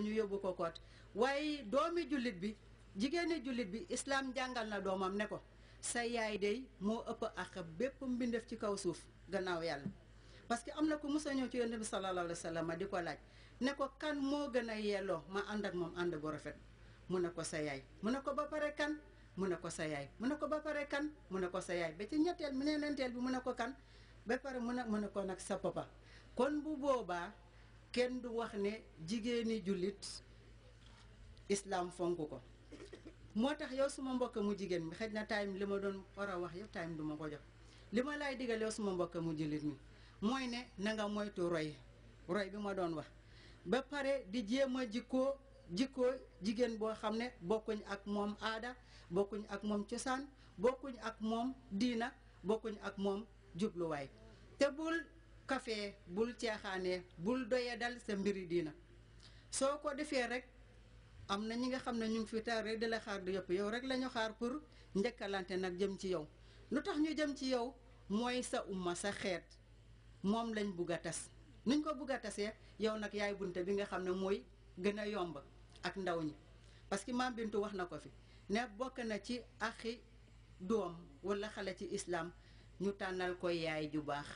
ñu yóbbu ko koot waaye doomi jullit bi jigéeni jullit bi islaam jàngal na doomam ne ko sa yaay dey moo ëpp ak bépp mbindeef ci kaw suuf gannaaw yàlla parce que am na ko musa ñëw ci yonent bi sallallahu alayhi wa sallam di ko laaj ne ko kan moo gën a yelloo ma ànd ak moom ànd bu rafet mu ne ko sa yaay mu ne ko ba pare kan mu ne ko sa yaay mu ne ko ba pare kan mu ne ko sa yaay ba ci ñetteel mu ne ñeenteel bi mu ne ko kan ba pare mu ne mu ne ko nag sa papa kenn du wax ne jigéeni jullit islaam fonk ko moo tax yow suma mbokk mu jigéen mi xëj na time li ma doon war a wax yëpp time du ma ko jox li ma laay digal yow suma mbokk mu jullit mi mooy ne nanga nga moytu roy roy bi ma doon wax ba pare di jéem a jikkoo jikkoo jigéen boo xam ne bokkuñ ak moom aada bokkuñ ak moom cosaan bokkuñ ak moom diina bokkuñ ak moom jubluwaay te bul kafe bul caaxaanee bul doya dal sa mbiri diina soo ko defee rek am na ñi nga xam ne ñu ngi fi taar rek di la xaar di yëpp yow rek lañu xaar pour njëkkalante nag jëm ci yow lu tax ñu jëm ci yow mooy sa umma sa xeet moom lañ bugg a tas nuñ ko bugg a tasee yow nag yaay bunte bi nga xam ne mooy gën a yomb ak ndaw ñi parce que maam Bintu wax na ko fi ne bokk na ci axi doom wala xale ci islaam ñu tànnal ko yaay ju baax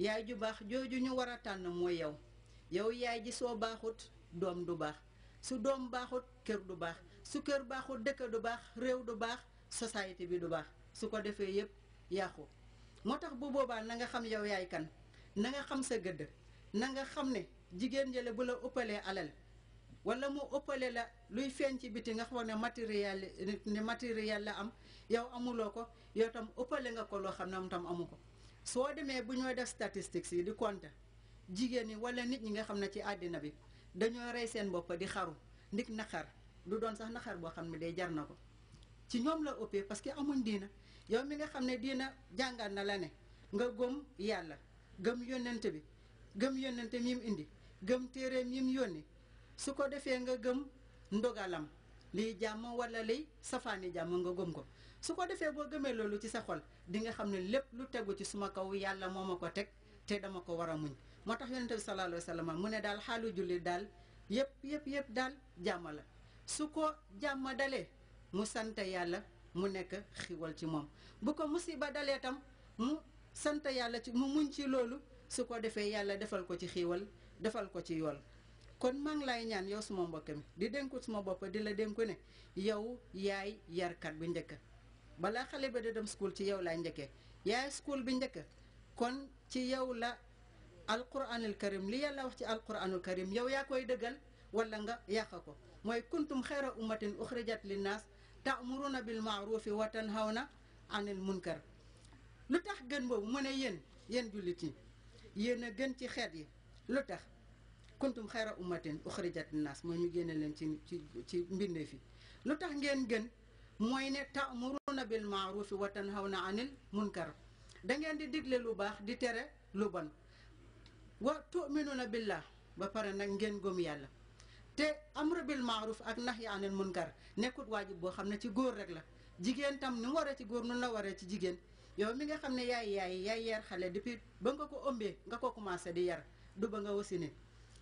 yaay ju baax jooju ñu war a tànn mooy yow yow yaay ji soo baaxut doom du baax su doom baaxut kër du baax su kër baaxut dëkk du baax réew du baax société bi du baax su ko defee yépp yàqu moo tax bu boobaa na nga xam yow yaay kan na nga xam sa gëdd na nga xam ne jigéen jële bu la ëppalee alal wala mu ëppale la luy feeñ ci biti nga xam ne matériel ne matériel am yow amuloo ko yow tam ëppale nga ko loo xam ne am tam amu ko soo demee bu ñooy def statistiques yi di compter jigéen yi wala nit ñi nga xam ne ci àddina bi dañoo rey seen bopp di xaru ndik naxar du doon sax naxar boo xam ne day jar na ko ci ñoom la ëppee parce que amuñ diina yow mi nga xam ne diina jàngal na la ne nga gëm yàlla gëm yónnent bi gëm yónnent mi indi gëm téere mi mu yónni su ko defee nga gëm ndogalam liy jàmm wala liy safaani jàmm nga gëm ko su ko defee boo gëmee loolu ci sa xol di nga xam ne lépp lu tegu ci suma kaw yàlla moo ma ko teg te dama ko war a muñ moo tax yonente bi sallallahu alayhi wa mu ne daal xaalu jullit daal yëpp yëpp yëpp daal jàmm su ko jàmm dalee mu sant yàlla mu nekk xiiwal ci moom bu ko musiba dalee tam mu sant yàlla ci mu muñ ci loolu su ko defee yàlla defal ko ci xiiwal defal ko ci yool kon maa ngi lay ñaan yow suma mbokk mi di dénku suma bopp di la dénku ne yow yaay yarkat bi njëkk bala xale ba da dem school ci yow la ñëkke yaay school bi ñëkke kon ci yow la alquranul karim li yàlla wax ci alquranul karim yow yaa koy dëggal wala nga yàq ko mooy kuntum khayra ummatin ukhrijat lin nas ta'muruna bil ma'ruf wa tanhauna anil munkar lutax gën boobu mu ne yéen yéen jullit yeena gën ci xet yi lutax kuntum khayra ummatin ukhrijat lin nas moy ñu gënal leen ci ci mbinde fi lutax ngeen gën moy ne ta'muruna bil ma'ruf wa tanhawna anil munkar da ngeen di digle lu bax di téré lu bon wa tu'minuna billah ba pare nak ngeen gom yalla te amru bil ma'ruf ak nahyi anil munkar nekut wajib bo xam ci goor rek la jigen tam ni mu waree ci goor nu la waree ci jigen yow mi nga xam yaay yaay yaay yar xalé depuis ba nga ko ombé nga ko commencé di yar du ba nga wosiné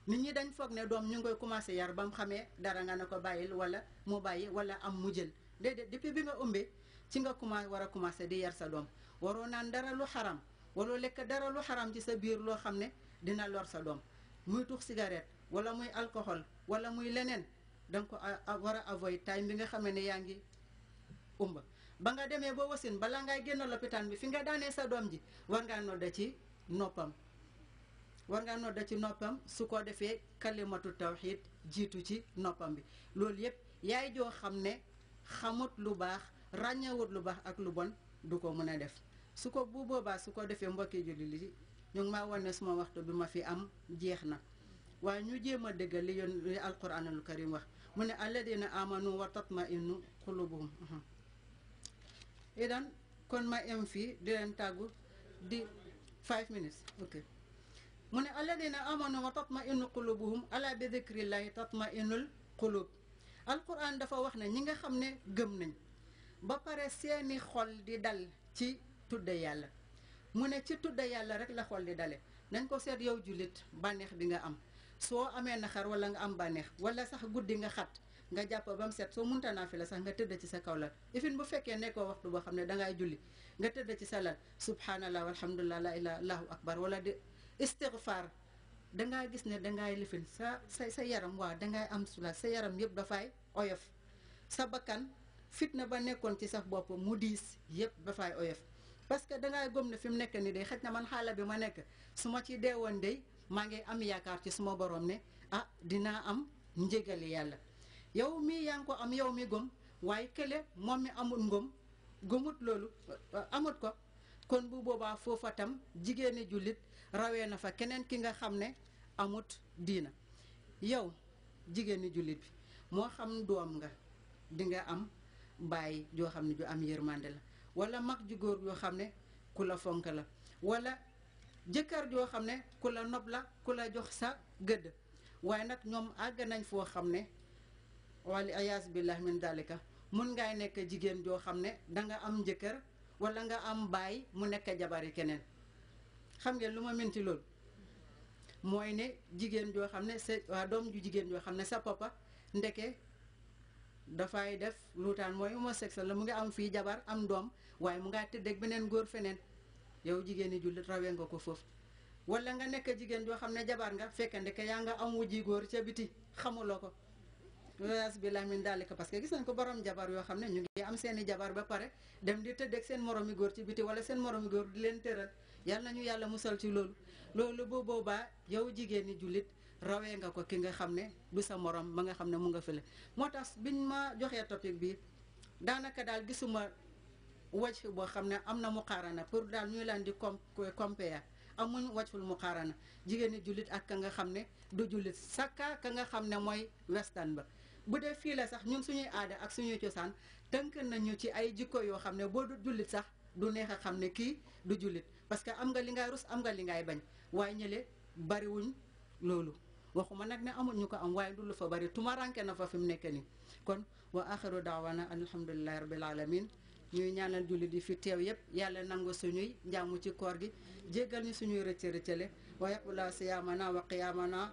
nit ñi dañ foog né doom ñu ngoy commencé yar bam xamé dara nga ne ko wala mu bàyyi wala am mu jël déedéet depuis bi nga umbee ci nga commencé war a commencé di yar sa doom waroo naan dara lu xaram wala lekk dara lu xaram ci sa biir loo xam ne dina lor sa doom muy tux cigarette wala muy alcool wala muy leneen danga ko a war a avoid time bi nga xam ne ni yaa ngi ëmba ba nga demee ba wasin balaa ngay génn lopitaan bi fi nga daanee sa doom ji war ngaa nodda ci noppam war ngaa nodda ci noppam su ko defee kalimatu tawxiid jiitu ci noppam bi loolu yëpp yaay joo xam ne xamut lu bax lubah, lu bax ak lu bon du ko mën def suko bu boba suko defé mbokki jullit ñu ma wone suma waxtu bima fi am jeexna wa ñu jema deggal li yon alquranul karim wax mune amanu wa tatma'innu qulubuhum mhm. idan kon ma em fi di len tagu di five minutes ok Mune ne alladina amanu wa tatma'innu qulubuhum ala bi dhikrillahi tatma'innul qulub alquran dafa wax ne ñi nga xam ne gëm nañ ba pare seeni xol di dal ci tudde yàlla mu ne ci tudde yàlla rek la xol di dale nañ ko seet yow jullit bànneex bi nga am soo amee na xar wala nga am bànneex wala sax guddi nga xat nga jàpp ba mu set soo munta naa fi la sax nga tëdd ci sa kaw lal ifin bu fekkee nekkoo waxtu boo xam ne dangay julli nga tëdd ci sa lal subhanallah walhamdulillah la ilaha allahu akbar wala di istighfar dangaa gis ne dangaay lifin sa sa sa yaram waaw dangaay am sula sa yaram yëpp dafay oyof sa bakkan fitna ba nekkoon ci sax bopp mu diis yëpp dafay oyof parce que dangaay gëm ne fi mu nekk ni day xëj na man xaala bi ma nekk su ma ci deewoon day maa ngi am yaakaar ci suma borom ne ah dinaa am njëgali yàlla yow mii yaa ngi ko am yow mi gëm waaye kële moom mi amul ngëm gomut loolu amut ko kon bu boobaa foofa tam jigéeni jullit rawee na fa keneen ki nga xam ne amut diina yow jigéeni jullit bi moo xam doom nga di nga am bàyyi joo xam ne ju am yërmande la wala mag ju góor yoo xam ne ku la fonk la wala jëkkër joo xam ne ku la nob la ku la jox sa gëdd waaye nag ñoom àgg nañ foo xam ne wali ayaas billah min dalika mun ngaay nekk jigéen joo xam ne danga am jëkkër wala nga am baay mu nekk jabar yi keneen xam ngeen lu ma minti loolu mooy ne jigéen joo xam ne sa waa doom ju jigéen joo xam ne sa papa ndeke dafay def lu taan mooy homosexuel la mu ngi am fii jabar am doom waaye mu ngaa tëddeeg beneen góor feneen yow jigéen ñi jullit rawee nga ko foofu wala nga nekk jigéen joo xam ne jabar nga fekk ndeke yaa nga am wujji góor ca biti xamuloo ko asbilah min dalika parce que gis nañ ko borom jabar yo xamne ñu ngi am seen jabar ba pare dem di tëddeeg seen moromi góor ci biti wala seen moromi góor di len teural yal nañu yalla musal ci lool lool bo boba yow jigéen ñi julit rawe nga ko ki nga xamne sa morom ma nga xamne mu nga fele motax biñ ma joxe topic bi danaka dal gisuma wajh bo xamne amna am na pour dal ñuy lan di compare amun wajhul muqarana jigéen ñi jullit ak nga xamne du julit saka ka nga xamne moy western ba bu dee fii la sax ñun suñuy aada ak suñuy cosaan tënk nañu ci ay jikko yoo xam ne boo du jullit sax du neex a xam ne kii du jullit parce que am nga li ngay rus am nga li ngay bañ waaye ñële bariwuñ loolu waxuma nag ne ñu ko am waaye du lu fa bari tumaranke na fa fi mu nekk nii kon wa axiru daawana alhamdulilahi rabbil alamin ñuy ñaanal jullit yi fi teew yépp yàlla nangu suñuy njaamu ci koor gi jéggal ñu suñuy rëcc rëccale wa yaqula siyaamana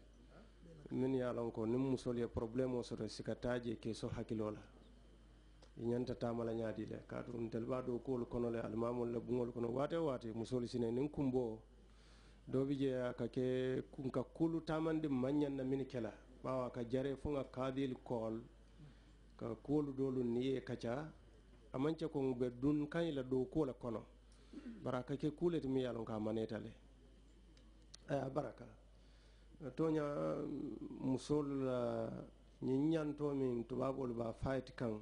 min ye a lon ko niŋ musolu ye problemo soto sikata je ke so hakkiloo la i ñanta taamala ñaadi le kaatu ntelu baa kuwolu kono le alimamolu le buŋolu kono waate waate musolu sine niŋ kumboo doo bi je a ka ke nka kulu tamandi maŋ na minnu kela bawa bawo a ka jare fo ŋa kaadil kool ka kuwolu doolu niŋ ye kaca a maŋ be duŋ kaŋ la doo kuwo le kono bari a ka ke kuu le ti miŋ ye a loŋ ka a maneeta le a baraka toña mo mm, sohlula ñiññantomin tubaɓol ba fayti kan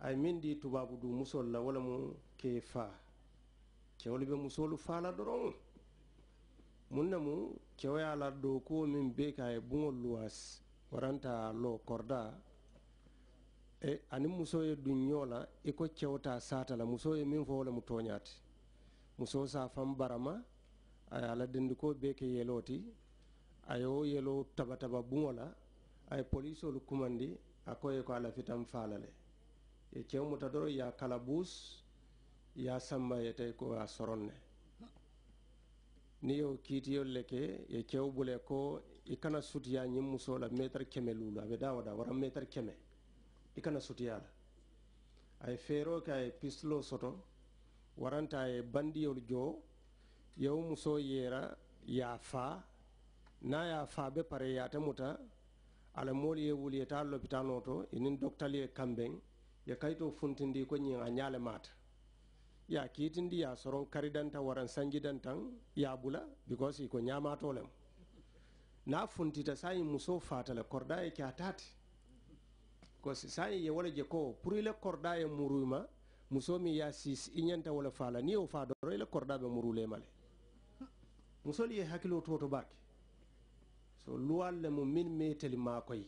ay min ɗi tubabu du musolla wala mo ke fa kewle ɓe musolu fala doron munne mu kewoyala ɗo kuwo min be ka e ɓugol luwas waranta lo corda e anin musoye ɗum ñola eko kewta satala musoye min fowole mo toñate muso sa fam barama ay ala dendi ko be ke yeloti ayo yelo tabataba buŋola aye polisolu kumandi akoye ko ala fitan falale e cewmuta doro ya kalabus ya samba yete ko a soronne niyo kiitiyol le ke e cew bule ko i e kana sutiya ñiŋ musola métre keme lulu a be dawoda wara métre keme i e kana sutiya la aye feero ke aye pistelo soto waranta aye bandiyol joo yewo muso yera ya faa na ya faabe pare yaate muta ala moolu ye wuli yeta lopitano to inin doktali ye kambeŋ ye kayito funtindi ko ñiŋ a ñaale maata ye a kiitindi ye a soroŋ karidanta waraŋ sanjidantaŋ ye a bula because i ko ñaamato lem na funtita saayiŋ musoo faata le korda ye ke a taati ko saayiŋ ye wo le je ko pour i le korda ye muruyma muso min ya sis i ñanta wo le faa la niŋ ye wo faa doro i le korda be murulema le musolu ye hakkiloo tuwo to baake so luwal le mo min meteli ma koye